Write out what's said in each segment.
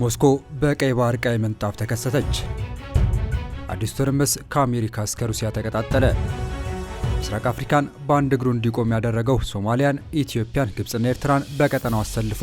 ሞስኮ በቀይ ባህር ቀይ ምንጣፍ ተከሰተች። አዲስ ትርምስ ከአሜሪካ እስከ ሩሲያ ተቀጣጠለ። ምስራቅ አፍሪካን በአንድ እግሩ እንዲቆም ያደረገው ሶማሊያን፣ ኢትዮጵያን፣ ግብፅና ኤርትራን በቀጠናው አሰልፎ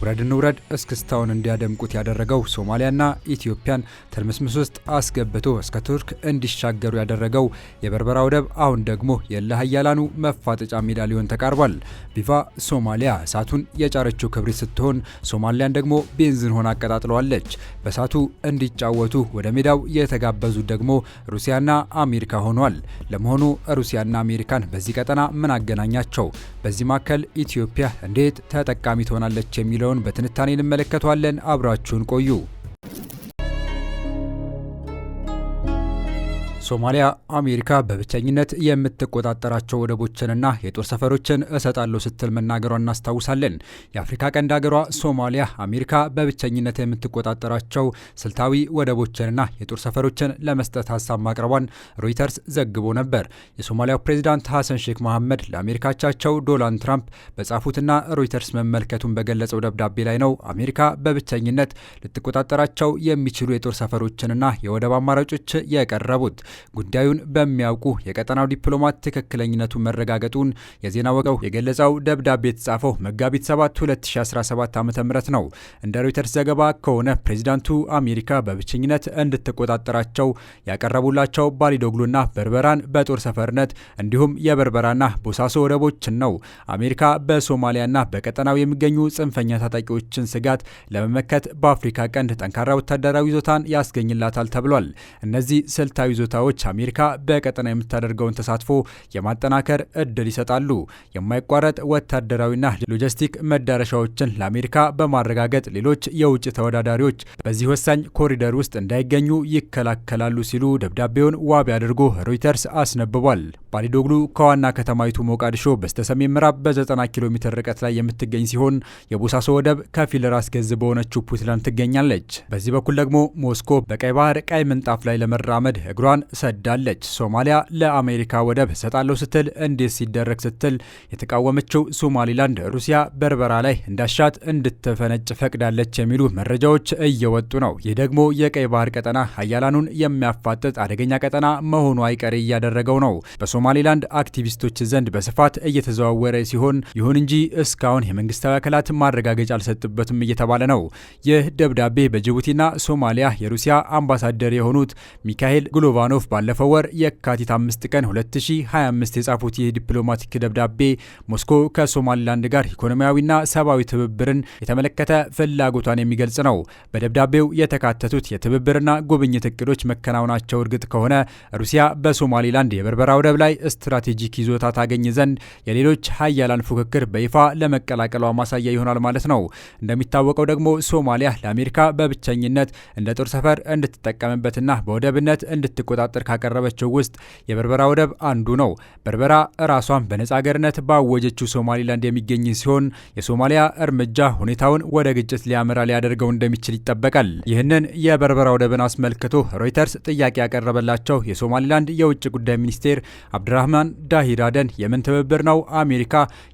ውረድ እንውረድ እስክስታውን እንዲያደምቁት ያደረገው ሶማሊያና ኢትዮጵያን ትርምስምስ ውስጥ አስገብቶ እስከ ቱርክ እንዲሻገሩ ያደረገው የበርበራ ወደብ አሁን ደግሞ የለ ሀያላኑ መፋጠጫ ሜዳ ሊሆን ተቃርቧል። ቪቫ ሶማሊያ እሳቱን የጫረችው ክብሪት ስትሆን ሶማሊያን ደግሞ ቤንዝን ሆና አቀጣጥለዋለች። በእሳቱ እንዲጫወቱ ወደ ሜዳው የተጋበዙት ደግሞ ሩሲያና አሜሪካ ሆኗል። ለመሆኑ ሩሲያና አሜሪካን በዚህ ቀጠና ምን አገናኛቸው? በዚህ መካከል ኢትዮጵያ እንዴት ተጠቃሚ ትሆናለች የሚለውን በትንታኔ እንመለከተዋለን። አብራችሁን ቆዩ። ሶማሊያ አሜሪካ በብቸኝነት የምትቆጣጠራቸው ወደቦችንና የጦር ሰፈሮችን እሰጣለሁ ስትል መናገሯ እናስታውሳለን። የአፍሪካ ቀንድ ሀገሯ ሶማሊያ አሜሪካ በብቸኝነት የምትቆጣጠራቸው ስልታዊ ወደቦችንና የጦር ሰፈሮችን ለመስጠት ሀሳብ ማቅረቧን ሮይተርስ ዘግቦ ነበር። የሶማሊያው ፕሬዚዳንት ሐሰን ሼክ መሐመድ ለአሜሪካቻቸው ዶናልድ ትራምፕ በጻፉትና ሮይተርስ መመልከቱን በገለጸው ደብዳቤ ላይ ነው አሜሪካ በብቸኝነት ልትቆጣጠራቸው የሚችሉ የጦር ሰፈሮችንና የወደብ አማራጮች የቀረቡት። ጉዳዩን በሚያውቁ የቀጠናው ዲፕሎማት ትክክለኝነቱ መረጋገጡን የዜና ወቀው የገለጸው ደብዳቤ የተጻፈው መጋቢት 7 2017 ዓ ም ነው። እንደ ሮይተርስ ዘገባ ከሆነ ፕሬዚዳንቱ አሜሪካ በብቸኝነት እንድትቆጣጠራቸው ያቀረቡላቸው ባሊዶግሉና በርበራን በጦር ሰፈርነት እንዲሁም የበርበራና ቦሳሶ ወደቦችን ነው። አሜሪካ በሶማሊያና በቀጠናው የሚገኙ ጽንፈኛ ታጣቂዎችን ስጋት ለመመከት በአፍሪካ ቀንድ ጠንካራ ወታደራዊ ይዞታን ያስገኝላታል ተብሏል። እነዚህ ስልታዊ ይዞታዎች ኃይሎች አሜሪካ በቀጠና የምታደርገውን ተሳትፎ የማጠናከር እድል ይሰጣሉ። የማይቋረጥ ወታደራዊና ሎጂስቲክ መዳረሻዎችን ለአሜሪካ በማረጋገጥ ሌሎች የውጭ ተወዳዳሪዎች በዚህ ወሳኝ ኮሪደር ውስጥ እንዳይገኙ ይከላከላሉ ሲሉ ደብዳቤውን ዋቢ አድርጎ ሮይተርስ አስነብቧል። ባሊዶግሉ ከዋና ከተማይቱ ሞቃዲሾ በስተሰሜን ምዕራብ በ90 ኪሎ ሜትር ርቀት ላይ የምትገኝ ሲሆን የቦሳሶ ወደብ ከፊል ራስ ገዝ በሆነችው ፑንትላንድ ትገኛለች። በዚህ በኩል ደግሞ ሞስኮ በቀይ ባህር ቀይ ምንጣፍ ላይ ለመራመድ እግሯን ሰዳለች። ሶማሊያ ለአሜሪካ ወደብ እሰጣለሁ ስትል እንዴት ሲደረግ ስትል የተቃወመችው ሶማሊላንድ ሩሲያ በርበራ ላይ እንዳሻት እንድትፈነጭ ፈቅዳለች የሚሉ መረጃዎች እየወጡ ነው። ይህ ደግሞ የቀይ ባህር ቀጠና ሀያላኑን የሚያፋጥጥ አደገኛ ቀጠና መሆኑ አይቀሬ እያደረገው ነው። በሶማሊላንድ አክቲቪስቶች ዘንድ በስፋት እየተዘዋወረ ሲሆን ይሁን እንጂ እስካሁን የመንግስታዊ አካላት ማረጋገጫ አልሰጡበትም እየተባለ ነው። ይህ ደብዳቤ በጅቡቲና ሶማሊያ የሩሲያ አምባሳደር የሆኑት ሚካኤል ጉሎቫኖቭ ላቭሮቭ ባለፈው ወር የካቲት 5 ቀን 2025 የጻፉት ይህ ዲፕሎማቲክ ደብዳቤ ሞስኮ ከሶማሊላንድ ጋር ኢኮኖሚያዊና ሰብአዊ ትብብርን የተመለከተ ፍላጎቷን የሚገልጽ ነው። በደብዳቤው የተካተቱት የትብብርና ጉብኝት እቅዶች መከናወናቸው እርግጥ ከሆነ ሩሲያ በሶማሊላንድ የበርበራ ወደብ ላይ ስትራቴጂክ ይዞታ ታገኝ ዘንድ የሌሎች ሀያላን ፉክክር በይፋ ለመቀላቀሏ ማሳያ ይሆናል ማለት ነው። እንደሚታወቀው ደግሞ ሶማሊያ ለአሜሪካ በብቸኝነት እንደ ጦር ሰፈር እንድትጠቀምበትና በወደብነት እንድትቆጣጠ ሳታሳጥር ካቀረበችው ውስጥ የበርበራ ወደብ አንዱ ነው። በርበራ ራሷን በነጻ አገርነት ባወጀችው ሶማሊላንድ የሚገኝ ሲሆን የሶማሊያ እርምጃ ሁኔታውን ወደ ግጭት ሊያመራ ሊያደርገው እንደሚችል ይጠበቃል። ይህንን የበርበራ ወደብን አስመልክቶ ሮይተርስ ጥያቄ ያቀረበላቸው የሶማሊላንድ የውጭ ጉዳይ ሚኒስቴር አብድራህማን ዳሂራደን የምን ትብብር ነው አሜሪካ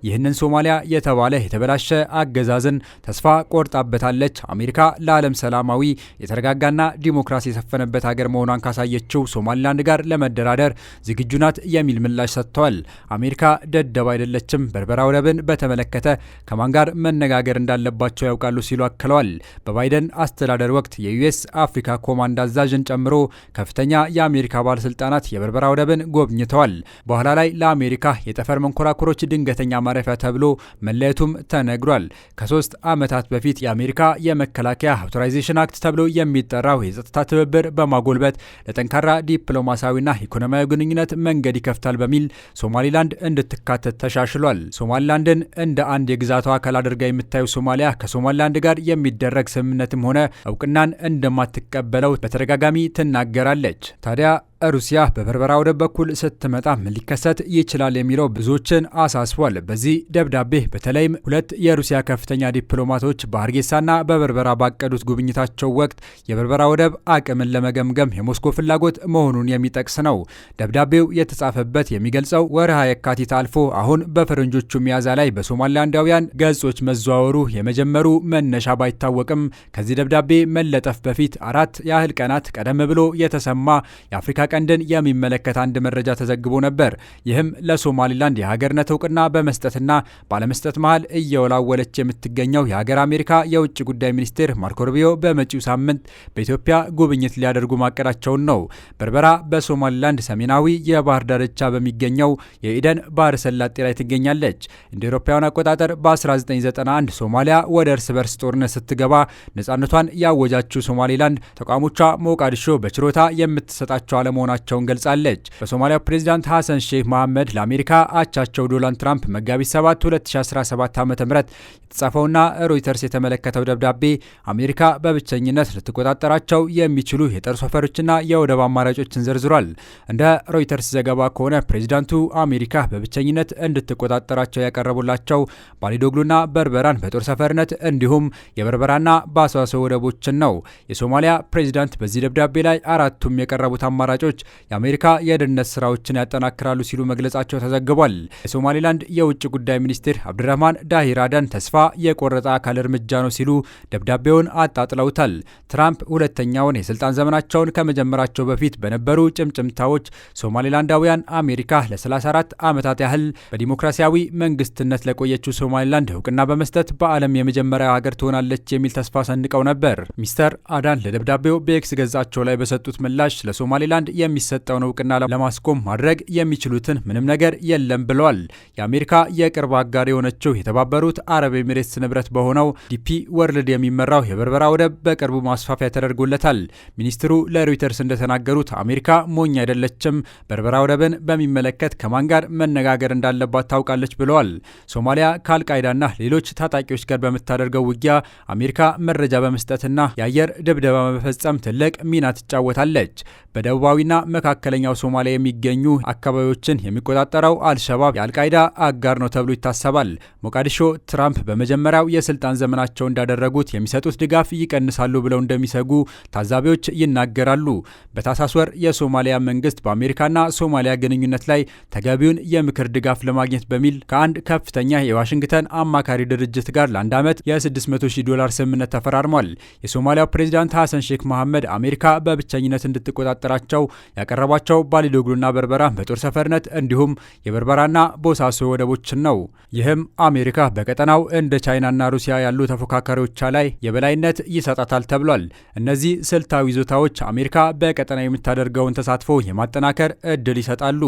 ይህንን ሶማሊያ የተባለ የተበላሸ አገዛዝን ተስፋ ቆርጣበታለች። አሜሪካ ለዓለም ሰላማዊ የተረጋጋና ዲሞክራሲ የሰፈነበት ሀገር መሆኗን ካሳየችው ከሶማሊላንድ ጋር ለመደራደር ዝግጁ ናት የሚል ምላሽ ሰጥተዋል። አሜሪካ ደደብ አይደለችም፣ በርበራ ወደብን በተመለከተ ከማን ጋር መነጋገር እንዳለባቸው ያውቃሉ ሲሉ አክለዋል። በባይደን አስተዳደር ወቅት የዩኤስ አፍሪካ ኮማንድ አዛዥን ጨምሮ ከፍተኛ የአሜሪካ ባለስልጣናት የበርበራ ወደብን ጎብኝተዋል። በኋላ ላይ ለአሜሪካ የጠፈር መንኮራኩሮች ድንገተኛ ማረፊያ ተብሎ መለየቱም ተነግሯል። ከሶስት ዓመታት በፊት የአሜሪካ የመከላከያ አውቶራይዜሽን አክት ተብሎ የሚጠራው የጸጥታ ትብብር በማጎልበት ለጠንካራ ዲፕሎማሲያዊና ኢኮኖሚያዊ ግንኙነት መንገድ ይከፍታል በሚል ሶማሊላንድ እንድትካተት ተሻሽሏል። ሶማሊላንድን እንደ አንድ የግዛቷ አካል አድርጋ የምታየው ሶማሊያ ከሶማሊላንድ ጋር የሚደረግ ስምምነትም ሆነ እውቅናን እንደማትቀበለው በተደጋጋሚ ትናገራለች። ታዲያ ሩሲያ በበርበራ ወደብ በኩል ስትመጣ ምን ሊከሰት ይችላል የሚለው ብዙዎችን አሳስቧል። በዚህ ደብዳቤ በተለይም ሁለት የሩሲያ ከፍተኛ ዲፕሎማቶች በሀርጌሳና በበርበራ ባቀዱት ጉብኝታቸው ወቅት የበርበራ ወደብ አቅምን ለመገምገም የሞስኮ ፍላጎት መሆኑን የሚጠቅስ ነው። ደብዳቤው የተጻፈበት የሚገልጸው ወርሃ የካቲት አልፎ አሁን በፈረንጆቹ ሚያዝያ ላይ በሶማሊላንዳውያን ገጾች መዘዋወሩ የመጀመሩ መነሻ ባይታወቅም ከዚህ ደብዳቤ መለጠፍ በፊት አራት ያህል ቀናት ቀደም ብሎ የተሰማ የአፍሪካ ቀንድን የሚመለከት አንድ መረጃ ተዘግቦ ነበር። ይህም ለሶማሊላንድ የሀገርነት እውቅና በመስጠትና ባለመስጠት መሃል እየወላወለች የምትገኘው የሀገር አሜሪካ የውጭ ጉዳይ ሚኒስቴር ማርኮ ሩቢዮ በመጪው ሳምንት በኢትዮጵያ ጉብኝት ሊያደርጉ ማቀዳቸውን ነው። በርበራ በሶማሊላንድ ሰሜናዊ የባህር ዳርቻ በሚገኘው የኢደን ባህረ ሰላጤ ላይ ትገኛለች። እንደ አውሮፓውያን አቆጣጠር በ1991 ሶማሊያ ወደ እርስ በርስ ጦርነት ስትገባ ነፃነቷን ያወጃችው ሶማሌላንድ ተቋሞቿ ሞቃዲሾ በችሮታ የምትሰጣቸው አለመሆ መሆናቸውን ገልጻለች። በሶማሊያ ፕሬዚዳንት ሐሰን ሼክ መሐመድ ለአሜሪካ አቻቸው ዶናልድ ትራምፕ መጋቢት 7 2017 ዓ ም የተጻፈውና ሮይተርስ የተመለከተው ደብዳቤ አሜሪካ በብቸኝነት ልትቆጣጠራቸው የሚችሉ የጦር ሰፈሮችና የወደብ አማራጮችን ዘርዝሯል። እንደ ሮይተርስ ዘገባ ከሆነ ፕሬዚዳንቱ አሜሪካ በብቸኝነት እንድትቆጣጠራቸው ያቀረቡላቸው ባሊዶግሉና በርበራን በጦር ሰፈርነት እንዲሁም የበርበራና ባሳሶ ወደቦችን ነው። የሶማሊያ ፕሬዚዳንት በዚህ ደብዳቤ ላይ አራቱም የቀረቡት አማራጮች ተንቀሳቃሾች የአሜሪካ የደህንነት ስራዎችን ያጠናክራሉ ሲሉ መግለጻቸው ተዘግቧል። የሶማሌላንድ የውጭ ጉዳይ ሚኒስትር አብድራህማን ዳሂር አዳን ተስፋ የቆረጠ አካል እርምጃ ነው ሲሉ ደብዳቤውን አጣጥለውታል። ትራምፕ ሁለተኛውን የስልጣን ዘመናቸውን ከመጀመራቸው በፊት በነበሩ ጭምጭምታዎች ሶማሌላንዳውያን አሜሪካ ለ34 ዓመታት ያህል በዲሞክራሲያዊ መንግስትነት ለቆየችው ሶማሌላንድ እውቅና በመስጠት በዓለም የመጀመሪያ ሀገር ትሆናለች የሚል ተስፋ ሰንቀው ነበር። ሚስተር አዳን ለደብዳቤው በኤክስ ገጻቸው ላይ በሰጡት ምላሽ ለሶማሌላንድ የሚሰጠውን እውቅና ለማስቆም ማድረግ የሚችሉትን ምንም ነገር የለም ብለዋል። የአሜሪካ የቅርብ አጋር የሆነችው የተባበሩት አረብ ኤሚሬትስ ንብረት በሆነው ዲፒ ወርልድ የሚመራው የበርበራ ወደብ በቅርቡ ማስፋፊያ ተደርጎለታል። ሚኒስትሩ ለሮይተርስ እንደተናገሩት አሜሪካ ሞኝ አይደለችም፣ በርበራ ወደብን በሚመለከት ከማን ጋር መነጋገር እንዳለባት ታውቃለች ብለዋል። ሶማሊያ ከአልቃይዳና ሌሎች ታጣቂዎች ጋር በምታደርገው ውጊያ አሜሪካ መረጃ በመስጠትና የአየር ድብደባ በመፈጸም ትልቅ ሚና ትጫወታለች። በደቡባዊ ሰሜንና መካከለኛው ሶማሊያ የሚገኙ አካባቢዎችን የሚቆጣጠረው አልሸባብ የአልቃይዳ አጋር ነው ተብሎ ይታሰባል። ሞቃዲሾ ትራምፕ በመጀመሪያው የስልጣን ዘመናቸው እንዳደረጉት የሚሰጡት ድጋፍ ይቀንሳሉ ብለው እንደሚሰጉ ታዛቢዎች ይናገራሉ። በታሳስ ወር የሶማሊያ መንግስት በአሜሪካና ሶማሊያ ግንኙነት ላይ ተገቢውን የምክር ድጋፍ ለማግኘት በሚል ከአንድ ከፍተኛ የዋሽንግተን አማካሪ ድርጅት ጋር ለአንድ ዓመት የ600 ሺህ ዶላር ስምምነት ተፈራርሟል። የሶማሊያው ፕሬዚዳንት ሐሰን ሼክ መሐመድ አሜሪካ በብቸኝነት እንድትቆጣጠራቸው ያቀረቧቸው ባሊዶግሉና በርበራ በጦር ሰፈርነት እንዲሁም የበርበራና ቦሳሶ ወደቦችን ነው። ይህም አሜሪካ በቀጠናው እንደ ቻይናና ሩሲያ ያሉ ተፎካካሪዎቿ ላይ የበላይነት ይሰጣታል ተብሏል። እነዚህ ስልታዊ ይዞታዎች አሜሪካ በቀጠና የምታደርገውን ተሳትፎ የማጠናከር እድል ይሰጣሉ።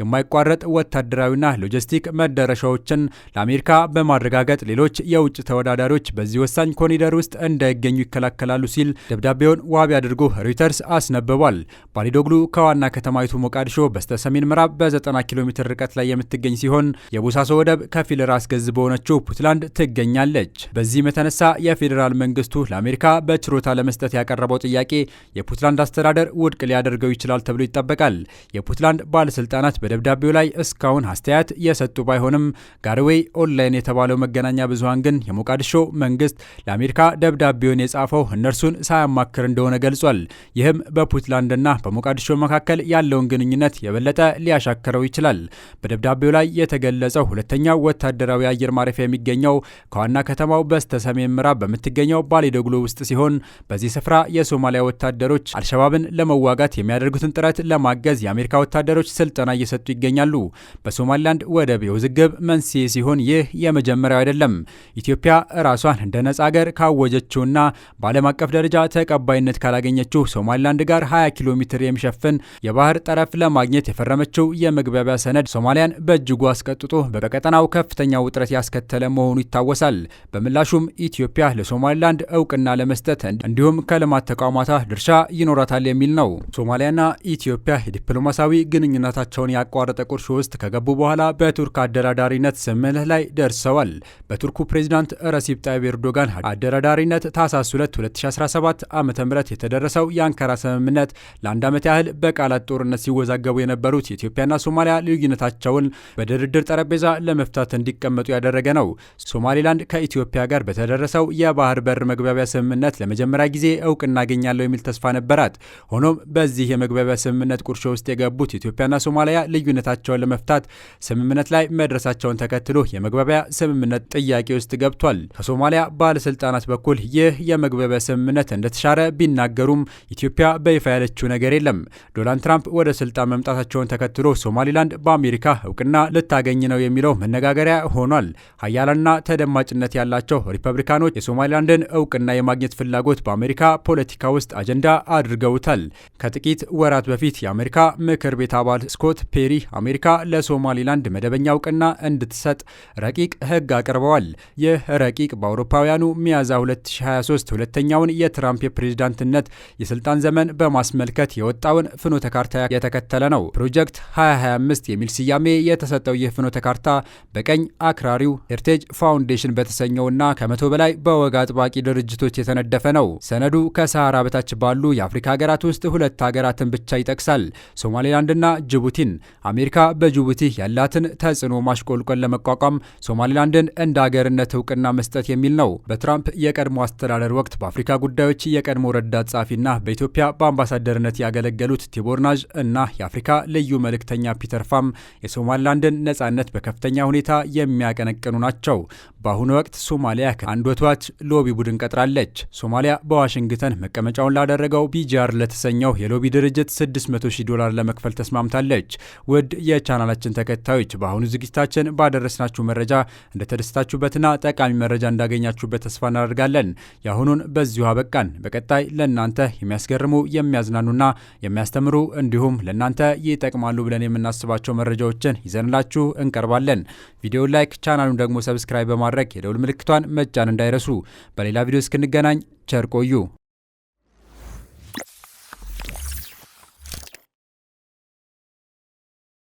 የማይቋረጥ ወታደራዊና ሎጂስቲክ መዳረሻዎችን ለአሜሪካ በማረጋገጥ ሌሎች የውጭ ተወዳዳሪዎች በዚህ ወሳኝ ኮሪደር ውስጥ እንዳይገኙ ይከላከላሉ ሲል ደብዳቤውን ዋቢ አድርጎ ሮይተርስ አስነብቧል። ባሊዶ ሞግሉ ከዋና ከተማይቱ ሞቃዲሾ በስተ ሰሜን ምዕራብ በ90 ኪሎ ሜትር ርቀት ላይ የምትገኝ ሲሆን የቦሳሶ ወደብ ከፊል ራስ ገዝ በሆነችው ፑትላንድ ትገኛለች። በዚህም የተነሳ የፌዴራል መንግስቱ ለአሜሪካ በችሮታ ለመስጠት ያቀረበው ጥያቄ የፑትላንድ አስተዳደር ውድቅ ሊያደርገው ይችላል ተብሎ ይጠበቃል። የፑትላንድ ባለስልጣናት በደብዳቤው ላይ እስካሁን አስተያየት የሰጡ ባይሆንም ጋርዌይ ኦንላይን የተባለው መገናኛ ብዙሀን ግን የሞቃዲሾ መንግስት ለአሜሪካ ደብዳቤውን የጻፈው እነርሱን ሳያማክር እንደሆነ ገልጿል። ይህም በፑትላንድና በሞቃ ሞቃዲሾ መካከል ያለውን ግንኙነት የበለጠ ሊያሻክረው ይችላል። በደብዳቤው ላይ የተገለጸው ሁለተኛው ወታደራዊ አየር ማረፊያ የሚገኘው ከዋና ከተማው በስተ ሰሜን ምዕራብ በምትገኘው ባሌዶግሎ ውስጥ ሲሆን በዚህ ስፍራ የሶማሊያ ወታደሮች አልሸባብን ለመዋጋት የሚያደርጉትን ጥረት ለማገዝ የአሜሪካ ወታደሮች ስልጠና እየሰጡ ይገኛሉ። በሶማሊላንድ ወደብ የውዝግብ መንስኤ ሲሆን ይህ የመጀመሪያው አይደለም። ኢትዮጵያ ራሷን እንደ ነጻ ሀገር ካወጀችውና በዓለም አቀፍ ደረጃ ተቀባይነት ካላገኘችው ሶማሊላንድ ጋር 20 ኪሎ ሜትር የሚሸ የሚሸፍን የባህር ጠረፍ ለማግኘት የፈረመችው የመግባቢያ ሰነድ ሶማሊያን በእጅጉ አስቀጥጦ በቀጠናው ከፍተኛ ውጥረት ያስከተለ መሆኑ ይታወሳል። በምላሹም ኢትዮጵያ ለሶማሊላንድ እውቅና ለመስጠት እንዲሁም ከልማት ተቋማታ ድርሻ ይኖራታል የሚል ነው። ሶማሊያና ኢትዮጵያ የዲፕሎማሲያዊ ግንኙነታቸውን ያቋረጠ ቁርሾ ውስጥ ከገቡ በኋላ በቱርክ አደራዳሪነት ስምምነት ላይ ደርሰዋል። በቱርኩ ፕሬዚዳንት ረሲብ ጣይብ ኤርዶጋን አደራዳሪነት ታህሳስ 2 2017 ዓ ም የተደረሰው የአንካራ ስምምነት ለአንድ ዓመት ያህል በቃላት ጦርነት ሲወዛገቡ የነበሩት ኢትዮጵያና ሶማሊያ ልዩነታቸውን በድርድር ጠረጴዛ ለመፍታት እንዲቀመጡ ያደረገ ነው። ሶማሌላንድ ከኢትዮጵያ ጋር በተደረሰው የባህር በር መግባቢያ ስምምነት ለመጀመሪያ ጊዜ እውቅና አገኛለሁ የሚል ተስፋ ነበራት። ሆኖም በዚህ የመግባቢያ ስምምነት ቁርሾ ውስጥ የገቡት ኢትዮጵያና ሶማሊያ ልዩነታቸውን ለመፍታት ስምምነት ላይ መድረሳቸውን ተከትሎ የመግባቢያ ስምምነት ጥያቄ ውስጥ ገብቷል። ከሶማሊያ ባለስልጣናት በኩል ይህ የመግባቢያ ስምምነት እንደተሻረ ቢናገሩም ኢትዮጵያ በይፋ ያለችው ነገር የለም። ዶናልድ ትራምፕ ወደ ስልጣን መምጣታቸውን ተከትሎ ሶማሊላንድ በአሜሪካ እውቅና ልታገኝ ነው የሚለው መነጋገሪያ ሆኗል። ሀያላና ተደማጭነት ያላቸው ሪፐብሊካኖች የሶማሊላንድን እውቅና የማግኘት ፍላጎት በአሜሪካ ፖለቲካ ውስጥ አጀንዳ አድርገውታል። ከጥቂት ወራት በፊት የአሜሪካ ምክር ቤት አባል ስኮት ፔሪ አሜሪካ ለሶማሊላንድ መደበኛ እውቅና እንድትሰጥ ረቂቅ ሕግ አቅርበዋል። ይህ ረቂቅ በአውሮፓውያኑ ሚያዝያ 2023 ሁለተኛውን የትራምፕ የፕሬዝዳንትነት የስልጣን ዘመን በማስመልከት የወጣው ያለውን ፍኖተ ካርታ የተከተለ ነው። ፕሮጀክት 2025 የሚል ስያሜ የተሰጠው ይህ ፍኖተ ካርታ በቀኝ አክራሪው ሄርቴጅ ፋውንዴሽን በተሰኘውና ከመቶ በላይ በወግ አጥባቂ ድርጅቶች የተነደፈ ነው። ሰነዱ ከሰሃራ በታች ባሉ የአፍሪካ ሀገራት ውስጥ ሁለት ሀገራትን ብቻ ይጠቅሳል፣ ሶማሌላንድና ጅቡቲን። አሜሪካ በጅቡቲ ያላትን ተጽዕኖ ማሽቆልቆል ለመቋቋም ሶማሌላንድን እንደ ሀገርነት እውቅና መስጠት የሚል ነው። በትራምፕ የቀድሞ አስተዳደር ወቅት በአፍሪካ ጉዳዮች የቀድሞ ረዳት ጸሐፊና በኢትዮጵያ በአምባሳደርነት ያገለገለ የተገደሉት ቲቦርናዥ እና የአፍሪካ ልዩ መልእክተኛ ፒተር ፋም የሶማሊላንድን ነጻነት በከፍተኛ ሁኔታ የሚያቀነቅኑ ናቸው። በአሁኑ ወቅት ሶማሊያ ከአንድ ወቷች ሎቢ ቡድን ቀጥራለች። ሶማሊያ በዋሽንግተን መቀመጫውን ላደረገው ቢጂአር ለተሰኘው የሎቢ ድርጅት 6000 ዶላር ለመክፈል ተስማምታለች። ውድ የቻናላችን ተከታዮች በአሁኑ ዝግጅታችን ባደረስናችሁ መረጃ እንደተደስታችሁበትና ጠቃሚ መረጃ እንዳገኛችሁበት ተስፋ እናደርጋለን። የአሁኑን በዚሁ አበቃን። በቀጣይ ለእናንተ የሚያስገርሙ የሚያዝናኑና የሚያስተምሩ እንዲሁም ለእናንተ ይጠቅማሉ ብለን የምናስባቸው መረጃዎችን ይዘንላችሁ እንቀርባለን። ቪዲዮ ላይክ፣ ቻናሉን ደግሞ ሰብስክራይብ በማድረግ የደውል ምልክቷን መጫን እንዳይረሱ። በሌላ ቪዲዮ እስክንገናኝ ቸር ቆዩ።